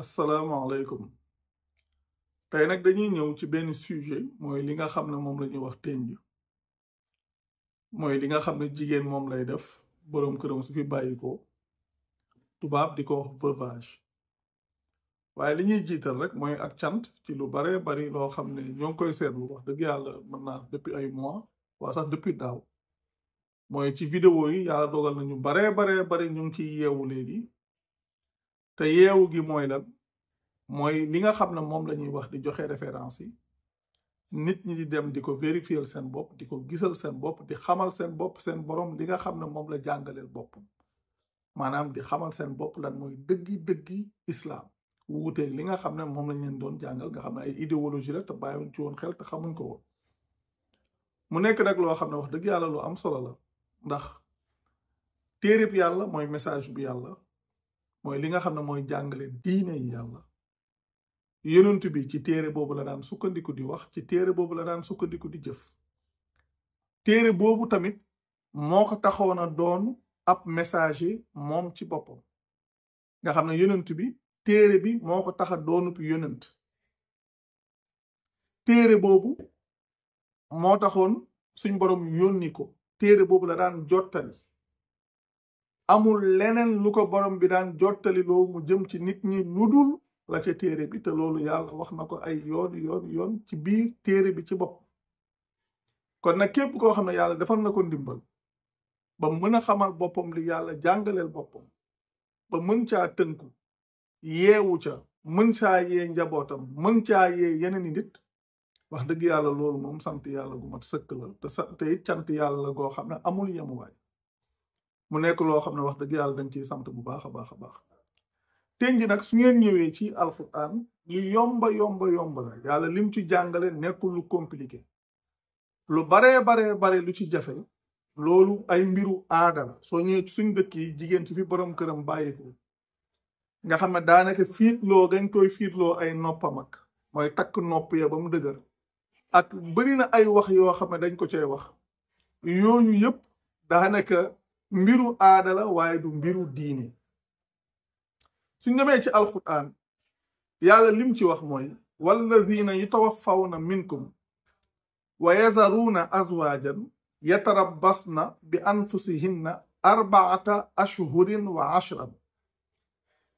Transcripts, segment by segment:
asalaamaaleykum tey nag dañuy ñëw ci benn sujet mooy li nga xam ne moom lañuy ñuy wax tenj mooy li nga xam ne jigéen moom lay def boroom këram su fi bàyyi tubaab di ko wax veuvage waaye li ñuy jiital rek mooy ak cant ci lu bare bari loo xam ne ñoo ngi koy seetlu wax dëgg yàlla mën naa depuis ay mois waa sax depuis daaw mooy ci video yi yàlla dogal na ñu baree baree bari ñu ngi ciy yeewu léegi te yeewu gi mooy lan mooy li nga xam ne moom la ñuy wax di joxe référence yi nit ñi di dem di ko vérifier seen bopp di ko gisal seen bopp di xamal seen bopp seen borom li nga xam ne moom la jàngaleel bopp maanaam di xamal seen bopp lan mooy dëggi dëggi islaam wuuteeg li nga xam ne moom lañ leen doon jàngal nga xam ne ay idéologie la te bàyyiwuñ ci woon xel te xamuñ ko woon mu nekk nag loo xam ne wax dëgg yàlla lu am solo la ndax téereb yàlla mooy message bu yàlla mooy li nga xam ne mooy jàngale diine yi yàlla bi ci téere boobu la daan sukkandiku di wax ci téere boobu la daan sukkandiku di jëf téere boobu tamit moo ko taxoon a doon ab messager moom ci boppam nga xam ne yonent bi téere bi moo ko tax a doonub yonent téere boobu moo taxoon suñ borom yónni ko téere boobu la daan jottali amul leneen lu ko borom bi daan jottaliloo mu jëm ci nit ñi lu dul la ca téere bi te loolu yàlla wax na ko ay yoon yoon yoon ci biir téere bi ci bopp kon nag képp koo xam ne yàlla defal na ko ndimbal ba mën a xamal boppam li yàlla jàngaleel boppam ba mën caa tënku yeewu ca mën caa yee njabootam mën caa yee yeneen i nit wax dëgg yàlla loolu moom sant yàlla gu mat sëkk la sa te it sant yàlla la goo xam ne amul yemuwaay mu nekk loo xam ne wax dëgg yàlla dañ ciy sant bu baax a baax a baax tenji nag su ngeen ñëwee ci alquran lu yomba yomba yomba la yàlla lim ci jàngale nekkul lu compliqué lu baree baree bare lu ci jafe loolu ay mbiru aada soo ñëwee ci suñ dëkk yi jigéen ci fi borom këram bàyyeeku nga xam ne daanaka fiitloo gañ koy fiitloo ay noppam ak mooy takk nopp ya ba mu dëgër ak bëri na ay wax yoo xam ne dañ ko cay wax yooyu yëpp daanaka mbiru aada la waaye du mbiru diine suñu demé ci alquran yàlla lim ci wax moy wal ladhina yatawaffawna minkum wa yazaruna azwajan yatarabbasna bi anfusihinna arbaata ashhurin wa ashran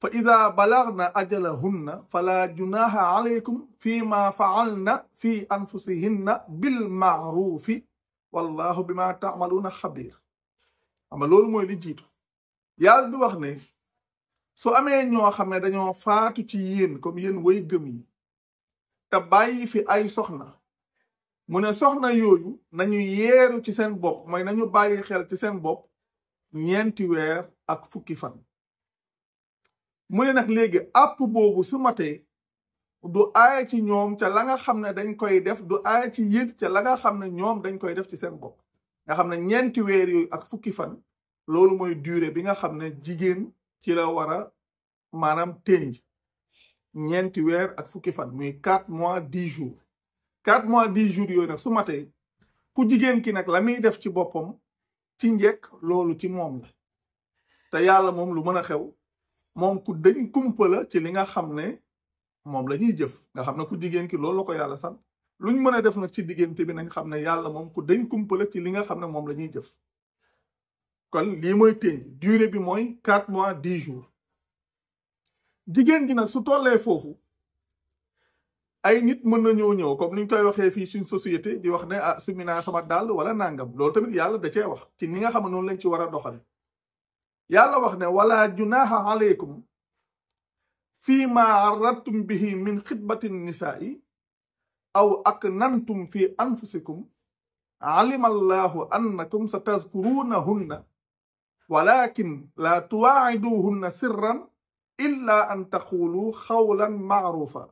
fa ida balagna ajalahunna fala junaha alaykum fima faalna fi anfusihinna bilmaarufi wallahu bima taamaluuna xabiir xam loolu mooy li jiitu yàlla di wax ne su amee ñoo xam ne dañoo faatu ci yéen comme yéen way gëm yi te bàyyi fi ay soxna mu ne soxna yooyu nañu yeeru ci seen bopp mooy nañu bàyyi xel ci seen bopp ñeenti weer ak fukki fan mu ne nag léegi àpp boobu su matee du aaya ci ñoom ca la nga xam ne dañ koy def du aaya ci yéen ca la nga xam ne ñoom dañ koy def ci seen bopp nga xam ne ñeenti weer yooyu ak fukki fan loolu mooy durée bi nga xam ne jigéen ci la war a maanaam ténj ñeenti weer ak fukki fan muy quatre mois dix jours quatre mois dix jours yooyu nag su matee ku jigéen ki nag la muy def ci boppam ci njekk loolu ci moom la te yàlla moom lu mën a xew moom ku dañ kumpa la ci li nga xam ne moom la ñuy jëf nga xam ne ku jigéen ki loolu la ko yàlla sant lu ñu mën a def nag ci diggante bi nañ xam ne yàlla moom ku dañ kumpale ci linga xam ne moom la ñuy jëf kon lii mooy téñ durée bi mooy quatre mois dix jours jigéen gi nag su tollee foofu ay nit mën na ñëw ñëw comme niñ koy waxee fii suñ société di wax ne a ah, summi naa sama dàll wala nangam loolu tamit yàlla da cee wax ci ni nga xam ne noonu lañ ci war a doxale yàlla wax ne wala junaaha aleykum fii ma arattum bihi min xitbati nisaa yi أو أكننتم في أنفسكم علم الله أنكم ستذكرونهن ولكن لا تواعدوهن سرا إلا أن تقولوا قولا معروفا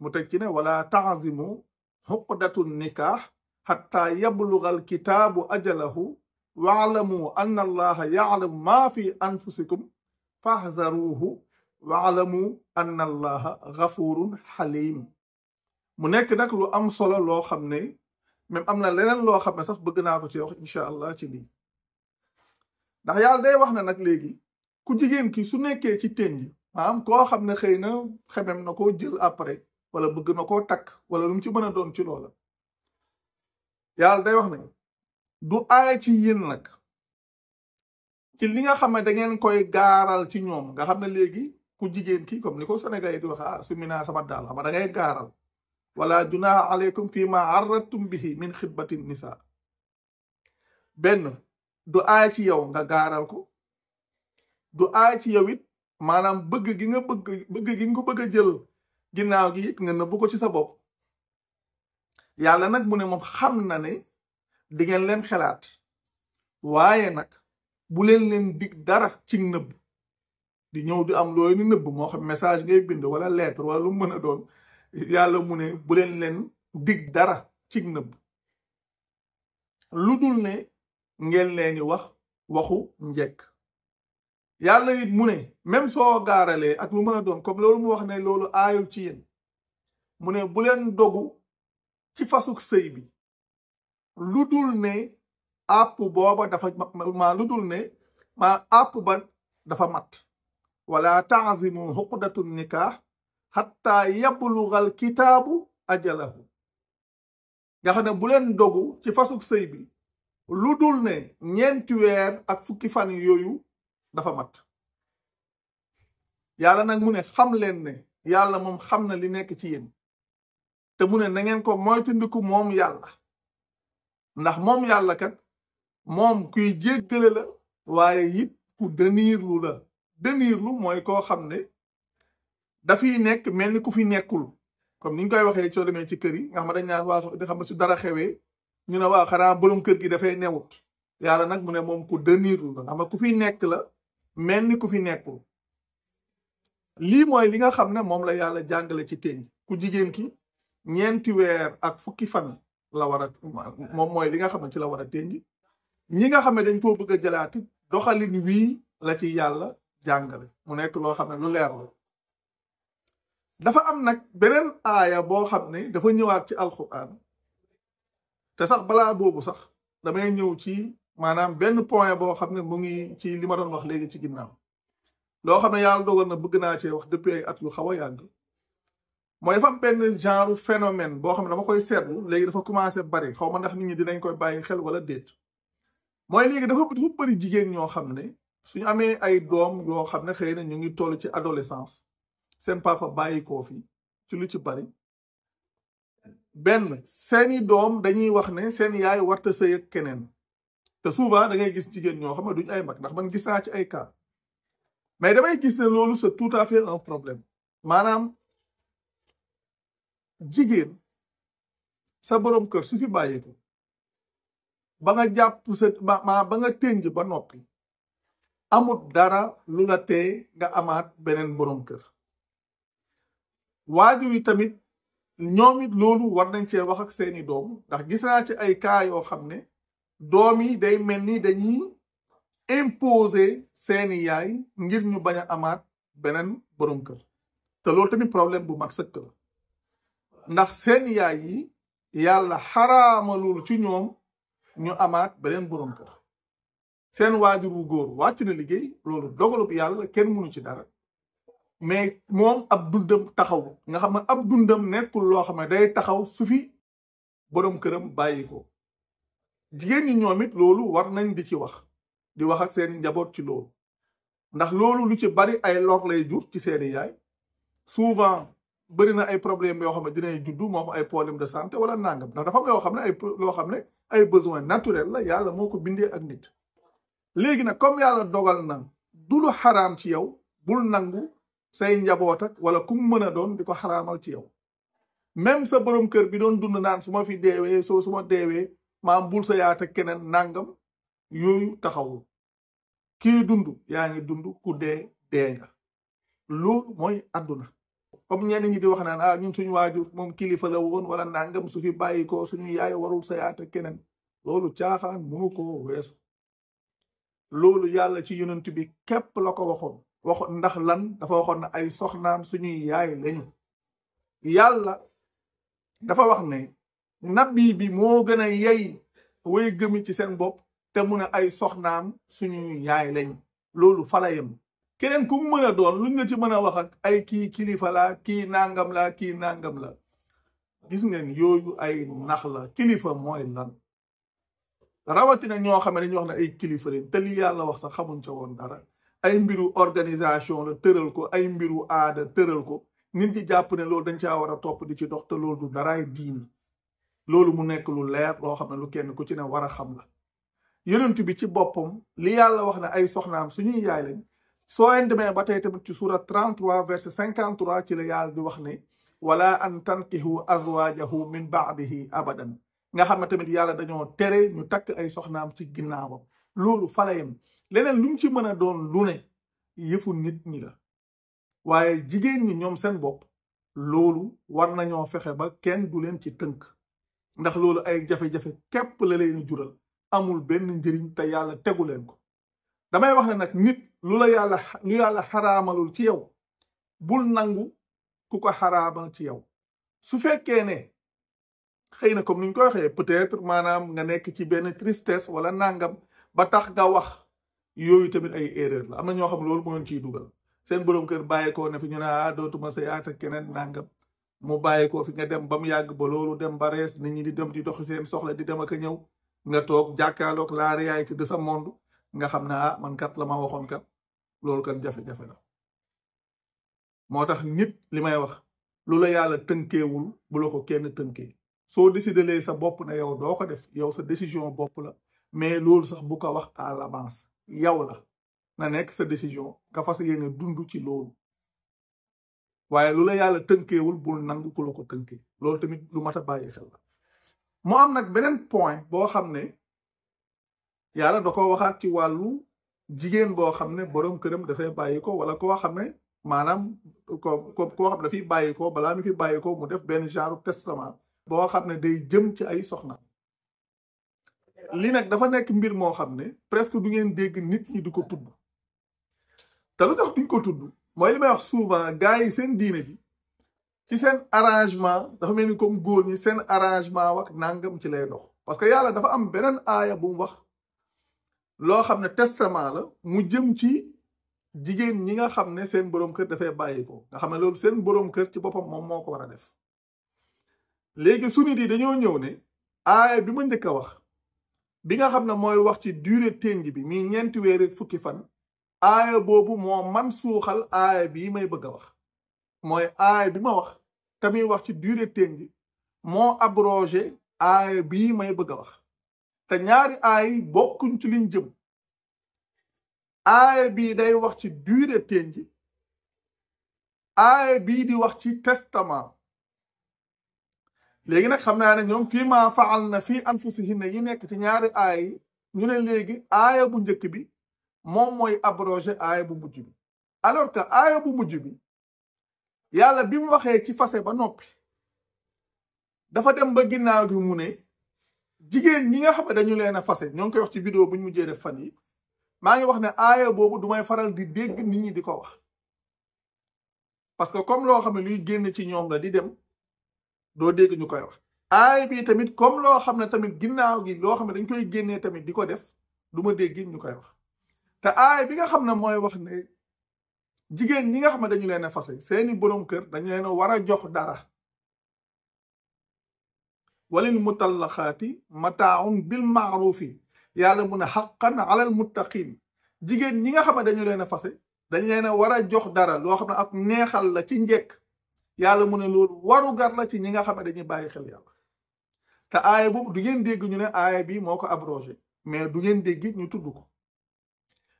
متكنة ولا تعزموا عقدة النكاح حتى يبلغ الكتاب أجله واعلموا أن الله يعلم ما في أنفسكم فاحذروه واعلموا أن الله غفور حليم mu nekk nag lu am solo loo xam ne même am na leneen loo xam ne sax bëgg naa ko ci wax incha allah ci lii ndax yàlla day wax ne nag léegi ku jigéen ki su nekkee ci tenj maanaam koo xam ne xëy na xemem na koo jël après wala bëgg na koo takk wala lu ci mën a doon ci loola yàlla day wax ne du aay ci yéen nag ci li nga xam ne da ngeen koy gaaral ci ñoom nga xam ne léegi ku jigéen ki comme ni ko Sénégal yi di wax ah su mi naa sama daal xam da ngay gaaral wala junaaha aleykum fi ma arrattum bihi min xitbatin nisa benn du aay ci yow nga gaaral ko du aay ci yow it maanaam bëgg gi ko bëgg jël ginnaaw gi it nga nëbbu ko ci sa bopp yàlla nag mu ne moom xam na ne di ngeen leen xalaat waaye nag bu leen leen dig dara ci nëbb di ñëw di am looy ni nëbb moo xam message ngay bind wala lettre wala lu mën a doon yàlla mu ne bu leen leen dig dara ci nëbb lu dul ne ngeen leeni wax waxu njekk yàlla yit mu ne même soo gaaralee ak lu mën a doon comme loolu mu wax ne loolu aayul ci yéen mu ne bu leen dogu ci fasuk sëy bi lu dul ne àpp booba dafa ma lu dul ne ma àpp ba dafa mat wala ta'zimu uqdatun nikah xatta yablugal kitaabu ajalahu nga xam ne bu leen dogu ci fasug sëy lu dul ne ñeenti weer ak fukki fan yooyu dafa mat yàlla nag mu ne xam leen ne yàlla moom xam na li nekk ci yéen te mu ne na ngeen ko moytandiku moom yàlla ndax moom yàlla kat moom kuy jéggale la waaye it ku dëniirlu la dëniirlu mooy koo xam ne Dafi nekk nek melni ku fi nekul comme niñ koy waxe ci demé ci kër yi nga xam ne dañ naan waa da xam ne su dara xewé ñu na wa xara borom kër gi fay newut yalla nak mu ne mom ku denir lu xam ku fi nek la melni ku fi nekul li moy li nga xam ne mom la yalla jangale ci teñ ku jigen ki ñenti weer ak fukki fan la wara mom moy li nga xam ci la wara teñ ñi nga xam dañ ko bëgg doxali ni wi la ci yalla jangale mu nek lo xam ne lu leer la dafa am nag beneen aaya boo xam ne dafa ñëwaat ci alquran te sax balaa boobu sax damay ñëw ci maanaam benn point boo xam ne mu ngi ci li ma doon wax léegi ci ginnaaw loo xam ne yàlla dogal na bëgg naa cee wax depuis ay at yu xaw a yàgg mooy dafa am benn genre phénomène boo xam ne dafa koy seetlu léegi dafa commencé bari xaw ma ndax nit ñi dinañ koy bàyyi xel wala déet mooy léegi dafa dafa bëri jigéen ñoo xam ne suñu amee ay doom yoo xam ne xëy na ñu ngi toll ci adolescence seen papa bàyyi koo fi ci lu ci bari benn seeni doom dañuy wax ne seen yaay warta sëy ak keneen te souvent da ngay gis jigéen ñoo xam ne duñ ay mag ndax man gis naa ci ay cas mais damay gis ne loolu c'est tout à fait un problème maanaam jigéen sa borom kër su fi bàyyeeku ba nga jàpp sa ma ba nga tënj ba noppi amut dara lu la tee nga amaat beneen borom kër waajur wi tamit ñoom it loolu war nañ cee wax ak seeni doom ndax gis naa ci ay cas yoo xam ne doom yi day mel ni dañuy imposer seeni yaay ngir ñu bañ a amaat beneen borom kër te loolu tamit problème bu mag sëkk la ndax seeni yaay yi yàlla xaraamalul ci ñoom ñu amaat beneen borom kër seen waajur wu góor wàcc na liggéey loolu dogalub yàlla kenn mënu ci dara mais moom ab dundam taxaw nga xam ne ab dundam nekkul loo xam ne day taxaw sufi fi boroom këram bàyyi ko jigéen ñi ñoom it loolu war nañ di ci wax di wax ak seeni njaboot ci loolu ndax loolu lu ci bari ay lor lay jur ci seeni yaay suuvent bëri na ay problème yoo xam ne dinay juddu moo ay problème de santé wala nangam ndax dafa am yoo ne ay loo xam ne ay besoin naturel la yàlla moo ko bindee ak nit léegi nag comme yàlla dogal na du lu xaraam ci yow bul nangu say njaboota ak wala kum mën a doon di ko xaraamal ci yow même sa borom kër bi doon dund naan su ma fi deewee soo suma deewee maam bul sa yaat keneen nangam yooyu taxawul ki dund yaa ngi dund ku dee dee lu loolu mooy àdduna comme ñenn ñi di wax naan ah ñun suñu waajur moom kilifa la wala nangam su fi bàyyi ko suñu yaay warul sa yaat keneen loolu caaxaan munu ko weesu loolu yàlla ci yonent bi képp la ko waxoon waxoon ndax lan dafa waxoon na ay soxnaam suñuy yaay lañu yàlla dafa wax ne nabi bi moo gën a yey way gëmi ci seen bopp te mu ne ay soxnaam suñuy yaay lañu loolu fala yem keneen ku mën a doon lu nga ci mën a wax ak ay kii kilifa la kii nangam la kii nangam la gis ngeen yooyu ay nax la kilifa mooy lan rawatina ñoo xam ne dañuy wax ne ay kilifa lañ te li yàlla wax sax xamuñ ca woon dara ay mbiru organisation la tëral ko ay mbiru aada tëral ko nit ñi jàpp ne loolu dañ caa war a topp di ci dox te loolu du daraay diini loolu mu nekk lu leer loo xam ne lu kenn ku ci ne war a xam la yonent bi ci boppam li yàlla wax ne ay soxnaam suñuy yaay lañ soo leen ba tey tamit ci suura 33 verset 53 ci la yàlla di wax ne wala an tankihu azwajahu min baadihi abadan nga xam ne tamit yàlla dañoo tere ñu takk ay soxnaam ci ginnaawam loolu falayam leneen lu mu ci mën a doon lune ne yëfu nit ñi la waaye jigéen ñi ñoom seen bopp loolu war nañoo fexe ba kenn du leen ci tënk ndax loolu ay jafe-jafe képp la leen jural amul benn njëriñ te yàlla tegu leen ko damay wax ne nag nit lu la yàlla lu yàlla xaraamalul ci yow bul nangu ku ko xaraamal ci yow su fekkee ne xëy na comme ni ñu ko waxee peut-être maanaam nga nekk ci benn tristesse wala nangam ba tax nga wax yooyu tamit ay erreur la am na ñoo xam loolu moo leen dugal seen borom kër bàyyeekoo ne fi ñu ne ah dootuma sa yaat ak keneen nangam mu bàyyeekoo fi nga dem ba mu yàgg ba dem ba rees nit ñi di dem di doxi seen soxla di dem ak a ñëw nga toog jàkkaarloog la réalité de sa monde nga xam ne ah man kat la ma waxoon kat loolu kan jafe-jafe la. moo tax nit li may wax lu la yàlla tënkeewul bu la ko kenn tënkee soo décidé sa bopp na yow doo ko def yow sa décision bopp la mais loolu sax bu ko wax à l'avance yow la na nekk sa décision nga fas yéene dund ci loolu waaye lu la yàlla tënkeewul bul nangu ku la ko loolu tamit lu mat a bàyyi xel la mu am nag beneen point boo xam ne yàlla da ko waxaat ci wàllu jigéen boo xam ne borom këram dafay bàyyi ko wala koo xam ne maanaam ko koo xam ne dafiy bàyyi ko balaa mi fi bàyyi ko mu def benn genre testament boo xam ne day jëm ci ay soxna li nag dafa nekk mbir moo xam ne presque du ngeen dégg nit ñi du ko tudd te lu tax duñ ko tudd moo li may wax souvent gars seen diine bi ci seen arrangement dafa mel ni comme góor ñi seen arrangement wax nangam ci lay dox parce que yàlla dafa am beneen aaya bu wax loo xam ne testament la mu jëm ci jigéen ñi nga xam ne seen borom kër dafay bàyyi ko nga xam ne loolu seen borom kër ci boppam moom moo ko war a def léegi su nit dañoo ñëw ne aaya bi ma njëkk wax bi nga xam ne mooy wax ci durée ténj bi mi ñeenti weere fukki fan aaya boobu moo man suuxal aaya bii may bëgg a wax mooy aaya bi ma wax te muy wax ci durée ténj moo abroge aaya bii may bëgg a wax te ñaari aay bokkuñ ci liñ jëm aaya bii day wax ci durée ténj aaya bii di wax ci testament léegi nag xam naa ne ñoom fa ma faal na fii anfusihinna yi nekk ci ñaari aay ñu ne léegi aaya bu njëkk bi moom mooy abrogé aaya bu mujj bi alors que aaya yàlla bi mu waxee ci fase ba nopp dafa dem ba ginnaaw gi mu ne jigéen ñi nga xam ne dañu leen a fase ñoo ngi koy wax ci video bu ñu mujjee def fan yi maa ngi wax ne aaya boobu du may faral di dégg nit ñi di ko wax parce que comme loo xam ne luy génn ci ñoom la di dem doo dégg ñu koy wax aay bii tamit comme loo xam ne tamit ginnaaw gi loo xam ne dañ koy génnee tamit di ko def du ma dégg ñu koy wax te aay bi nga xam ne mooy wax ne jigéen ñi nga xam ne dañu leen a fase seeni borom kër dañu leen a war a jox dara walil mutallaxaati mataaun bil maarufi yàlla mu ne xaqan alal muttaqin jigéen ñi nga xam ne leen a fase dañ leen a war a jox dara loo xam ne ak neexal la ci njekk yàlla mu ne loolu warugar la ci ñi nga xam ne dañuy bàyyi xel yàlla te aaya boobu du ngeen dégg ñu ne aaya bi moo ko abrogé mais du ngeen dégg ñu tudd ko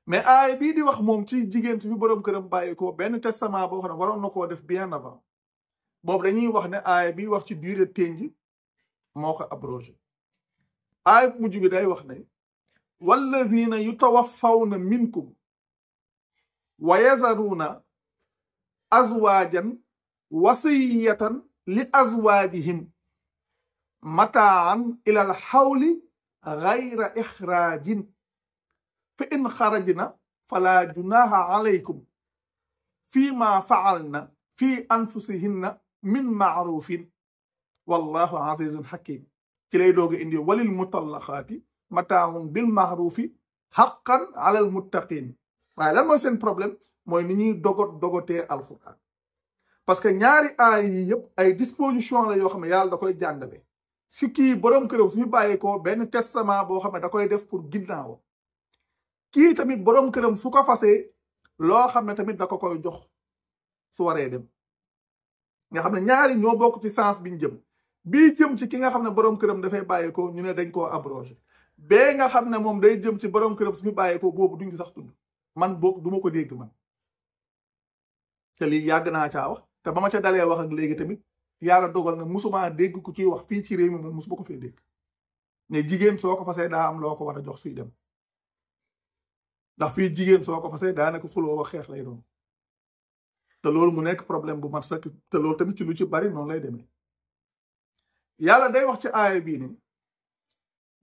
mais aaya bii di wax moom ci jigéen su fi borom këram bàyyi ko benn testament boo xam ne waroon na koo def bien avant boobu dañuy wax ne aaya bi wax ci durée tenji moo ko abrogé aaya mujj bi day wax ne wallazina yutawaffawna minkum wa yazaruuna azwaajan وصية لأزواجهم متاعا إلى الحول غير إخراج فإن خرجنا فلا جناح عليكم فيما فعلنا في أنفسهن من معروف والله عزيز حكيم تلاي دوغ اندي وللمطلقات متاع بالمعروف حقا على المتقين لا lan mooy seen problème mooy ni ñuy dogot parce que ñaari aay yi yëpp ay disposition la yoo xam ne yàlla da koy jàngale si kii borom këram suñu bàyyi ko benn testament boo xam ne da koy def pour ginnaawam kii tamit borom këram su ko fasee loo xam ne tamit da ko koy jox su waree dem nga xam ne ñaari ñoo bokk ci sens biñ jëm bii jëm ci ki nga xam ne borom këram dafay bàyyi ko ñu ne dañ koo abrogé bee nga xam ne moom day jëm ci borom këram suñu bàyyi ko boobu duñ ko sax tudd man boog du ma ko dégg man te lii yàgg naa caa te ba ma ca dalee wax ak léegi tamit yàlla dogal na musuma dégg ku ciy wax fii ci réew mi moom musuma ko fee dégg ne jigéen soo ko fasee daa am loo ko war a jox suy dem ndax fii jigéen soo ko fasee daanaka xuloo wax xeex lay doon te loolu mu nekk problème bu mat sëkk te loolu tamit ci lu ci bari noo lay demee yàlla day wax ci aaya bii ne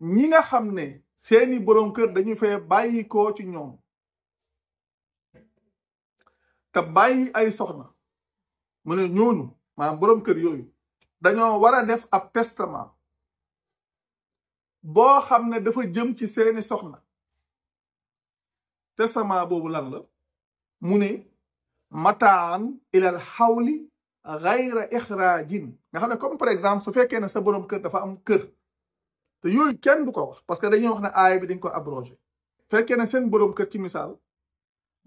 ñi nga xam ne seeni boroom kër dañu fee bàyyi koo ci ñoom te bàyyi ay soxna mu ne ñooñu maanaam boroom kër yooyu dañoo war a def ab testament boo xam ne dafa jëm ci seeni soxna testament boobu lan la mu ne mataan ilal xawli xayra ixraajin nga xam ne comme par exemple su fekkee ne sa boroom kër dafa am kër te yooyu kenn du ko wax parce que dañuy wax ne aaya bi dañ ko abrogé fekkee ne seen boroom kër ci misaal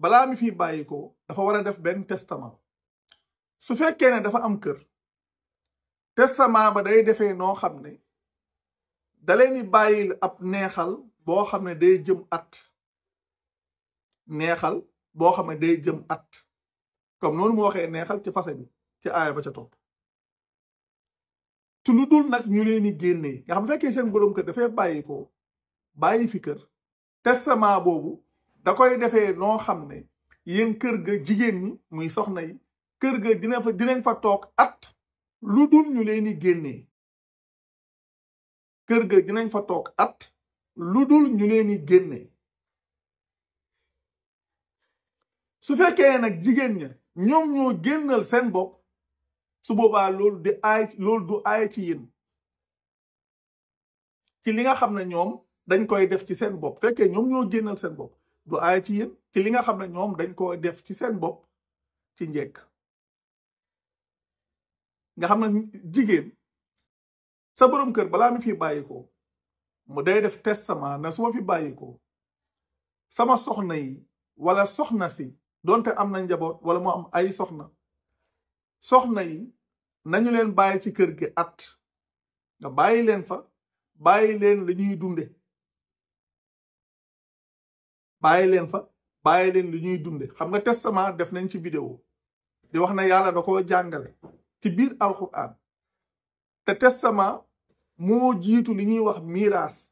balaa mi fi bàyyi ko dafa war a def benn testament su fekkee ne dafa am kër testament ba day defee noo xam ne da leen di bàyyil ab neexal boo xam ne day jëm at neexal boo xam ne day jëm at comme noonu mu waxee neexal ci fase bi ci aaya ba ca topp ci lu dul nag ñu leen di génnee nga xam fekkee seen borom kër dafay bàyyi ko bàyyi fi kër testament boobu da koy defe noo xam ne yéen kër ga jigéen ñi muy soxna yi kër ga dina fa dinañ fa toog at lu ñu leen di génnee kër ga dinañ fa toog at ludul ñu leen di su fekkee nag jigéen ña ñoom ñoo génnal seen bopp su boobaa loolu di du aay ci ci li nga xam ne ñoom dañ koy def ci seen bopp fekkee ñoom ñoo génnal ci yéen li nga xam ne ñoom dañ koy def ci seen bopp ci njëkk nga xam na jigéen sa borom kër balaa mi fi bàyyi ko mu day def testament na su fi bàyyi sama soxna yi wala soxna si donte am na njaboot wala mu am ay soxna soxna yi nañu leen bàyyi ci kër gi at nga bàyyi leen fa bàyyi leen li ñuy dunde bàyyi leen fa bàyyi leen li ñuy dunde xam nga testament def nañ ci vidéo di wax na yàlla da ko jàngale تبير القرآن تتسما مو جيتو لنيو وح ميراس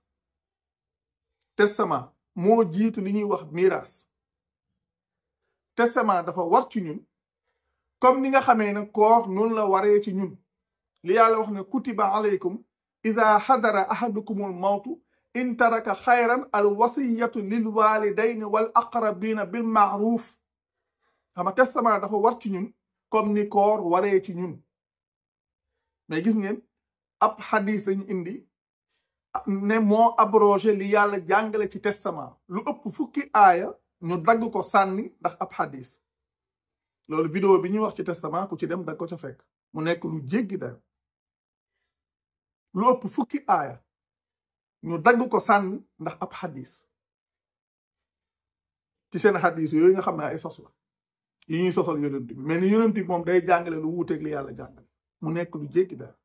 تسما مو جيتو لنيو وح ميراس تسما دفا ورطي نيون كم نيغا خمينا كور نون لا وريتي نيون ليالا وحنا كتب عليكم إذا حضر أحدكم الموت إن ترك خيرا الوصية للوالدين والأقربين بالمعروف هما تسما دفا ورطي نيون comme ni koor waree ci ñun mais gis ngeen ab xadis lañu indi ne moo abrogé li yàlla jàngale ci testament lu ëpp fukki aaya ñu dagg ko sànni ndax ab xadis loolu vidéo bi ñuy wax ci testament ku ci dem da ko ca fekk mu nekk lu jéggi da lu ëpp fukki aaya ñu dagg ko sànni ndax ab xadis ci seen xadis yooyu nga xam naa ay sos la yi ñuy sosal yonent mais ni yonent bi moom day jàngale lu wuuteeg li yàlla jàngale mu nekk lu jékki daal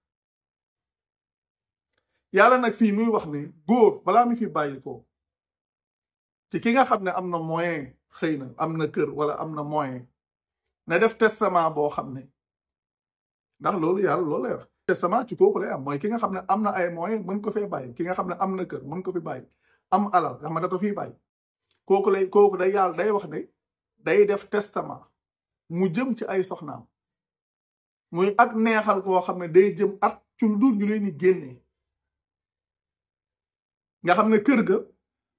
yàlla nag fii muy wax ne góor balaa mi fi bàyyi ko ci ki nga xam ne am na moyen xëy na am na kër wala am na moyen na def testament boo xam ne ndax loolu yàlla loolu lay ci kooku lay am mooy ki nga xam ne am na ay moyen mën ko fee bàyyi ki nga xam ne am na kër mën ko fi bàyyi am alal nga xam ne dafa fi bàyyi kooku lay day yàlla day wax ne day def testament mu jëm ci ay soxnaam muy ak neexal koo xam ne day jëm at ci lu dul ñu leen di génnee nga xam ne kër ga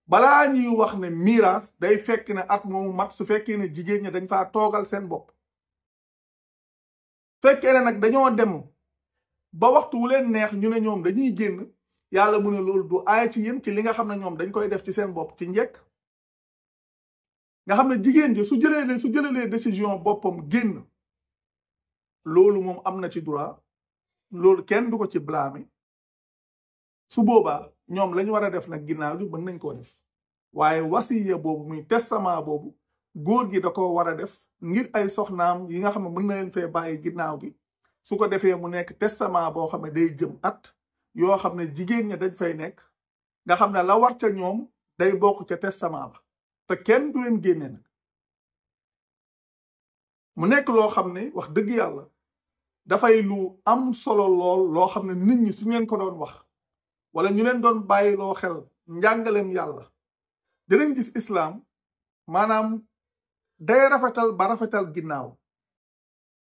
bala ñuy wax ne miraas day fekk ne at moomu mat su fekkee ne jigéen ñi dañ faa toogal seen bopp fekkee ne nag dañoo dem ba waxtu wu leen neex ñu ne ñoom dañuy génn yàlla mu ne loolu du aay ci yéen ci li nga xam ne ñoom dañ koy def ci seen bopp ci njëkk nga xam ne jigéen ji su jëlee su jëlee décision boppam génn loolu moom am na ci droit loolu kenn du ko ci blâmer su boobaa ñoom lañ war a def na ginnaaw gi mën nañ koo def waaye wasiya boobu muy testament boobu góor gi da ko war a def ngir ay soxnaam yi nga xam ne mën na leen fee bàyyi ginnaaw gi su ko defee mu nekk testament boo xam ne day jëm at yoo xam ne jigéen ña dañ fay nekk nga xam ne la war ca ñoom day bokk ca testament ba te kenn du leen génne mu nekk loo xam ne wax dëgg yàlla dafay lu am solo lool loo xam ne nit ñi su ngeen ko doon wax wala ñu leen doon bàyyi loo xel njàngaleem yàlla dinañ gis islaam maanaam day rafetal ba rafetal ginnaaw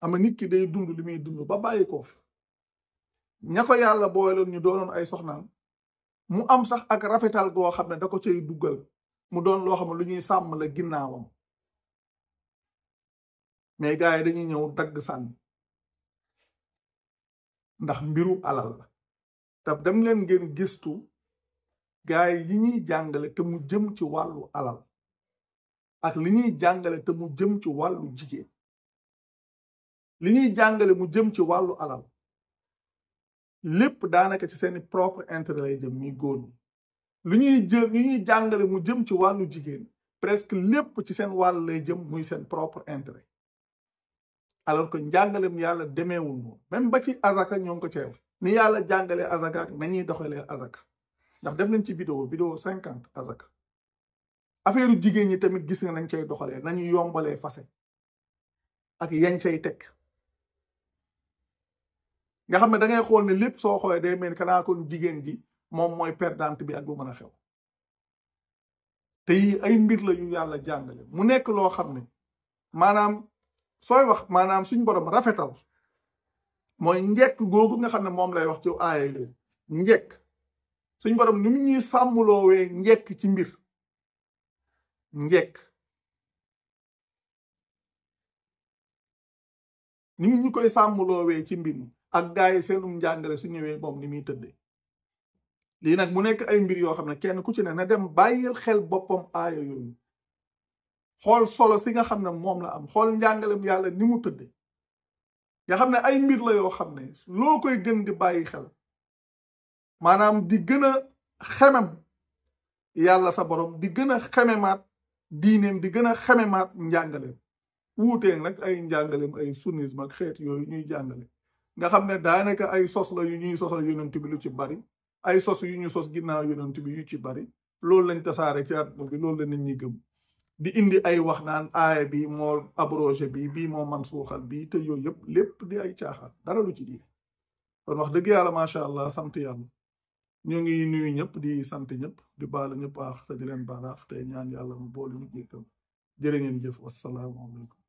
ama nit ki day dund li muy dund ba bàyyi ko fi ña ko yàlla booyaloon ñu doonoon ay soxnaam mu am sax ak rafetal goo xam ne da ko cay duggal mu doon loo lu ñuy sàmm la ginnaawam mais gars yi dañuy ñëw dagg sànni ndax mbiru alal la te dem leen ngeen gëstu gars yi ñuy jàngale te mu jëm ci wàllu alal ak li ñuy jàngale te mu jëm ci wàllu jigéen li ñuy jàngale mu jëm ci wàllu alal lépp daanaka ci seeni propre intérêt lay jëm muy góor lu ñuy jël lu jàngale mu jëm ci wàllu jigéen presque lépp ci seen wàll lay jëm muy seen propre intérêt alors que njàngalem yàlla demeewul noonu même ba ci azaka ñoo ngi ko ceew ni yàlla jàngalee azaka ak ñuy doxalee azaka ndax def nañ ci vidéo vidéo cinquante azaka affaire jigéen ñi tamit gis nga nañ cay doxalee nañu yombalee fase ak yañ cay teg nga xam ne da ngay xool ne lépp soo xoolee day mel ni jigéen ji moom mooy perdante bi ak lu mën a xew te yii ay mbir la yu yàlla jàngale mu nekk loo xam ne maanaam sooy wax maanaam suñ borom rafetal mooy njekk googu nga xam ne moom lay wax ci aaya yooyu njekk suñ borom ni mu ñuy sàmmloowee njekk ci mbir njekk ni mu ñu koy sàmmloowee ci mbir ak gaa yi seenum njàngale su ñëwee moom ni muy tëddee lii nag mu nekk ay mbir yoo xam ne kenn ku ci ne na dem bàyyil xel boppam aaya yooyu xool solo si nga xam ne moom la am xool njàngalem yàlla ni mu tëdde nga xam ne ay mbir la yoo xam ne loo koy gën di bàyyi xel maanaam di gën a xemem yàlla sa borom di gën a xememaat diineem di gën a xememaat njàngaleem wuutee nag ay njàngaleem ay sunnisme ak xeet yooyu ñuy jàngale nga xam ne daanaka ay sos la yu ñuy sosal yonent bi lu ci bari ay sos yu ñu sos ginnaaw yonent bi yu ci bari loolu lañ tasaare ci àdduna bi loolu la nit ñi gëm di indi ay wax naan aaya bi moo abroger bi bii moo man bi te yooyu yëpp lépp di ay caaxaan dara lu ci diine kon wax dëgg yàlla macha allah sant yàlla ñu ngi nuyu ñëpp di sant ñëpp di baalu ñëpp aax te di leen baax te ñaan yàlla mu boole ñu jéggal jërë ngeen jëf